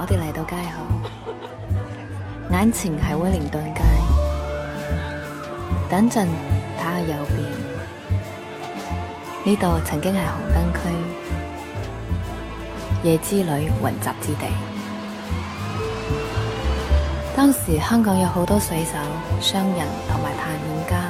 我哋嚟到街口，眼前係威靈頓街。等陣睇下右邊，呢度曾經係紅燈區、夜之旅雲集之地。當時香港有好多水手、商人同埋探險家。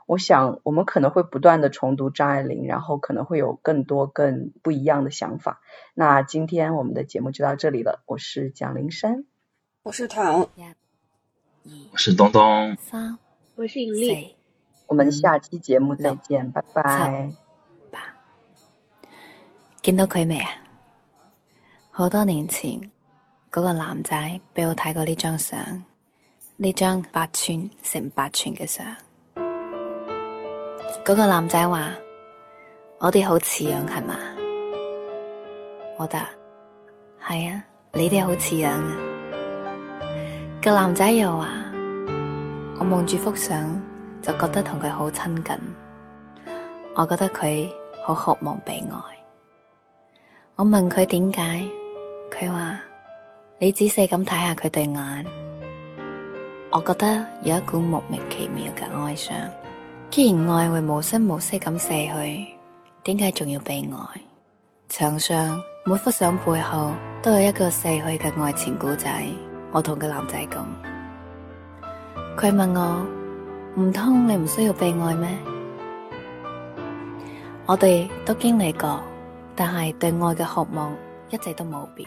我想，我們可能會不斷的重讀張愛玲，然後可能會有更多更不一樣的想法。那今天我們的節目就到這裡了。我是蔣林山，我是唐，我是東東，我是尹麗我，我，我們下期節目再見，嗯、拜拜。見到佢未啊？好多年前，嗰、那個男仔俾我睇過呢張相，呢張八寸乘八寸嘅相。嗰個男仔話：我哋好似樣係嘛？我答：係啊，你哋好似樣。個男仔又話：我望住幅相就覺得同佢好親近，我覺得佢好渴望被愛。我問佢點解，佢話：你仔細咁睇下佢對眼，我覺得有一股莫名其妙嘅哀傷。既然愛會無聲無息咁逝去，點解仲要被愛？牆上每幅相背後都有一個逝去嘅愛情故仔。我同個男仔講，佢問我：唔通你唔需要被愛咩？我哋都經歷過，但係對愛嘅渴望一直都冇變。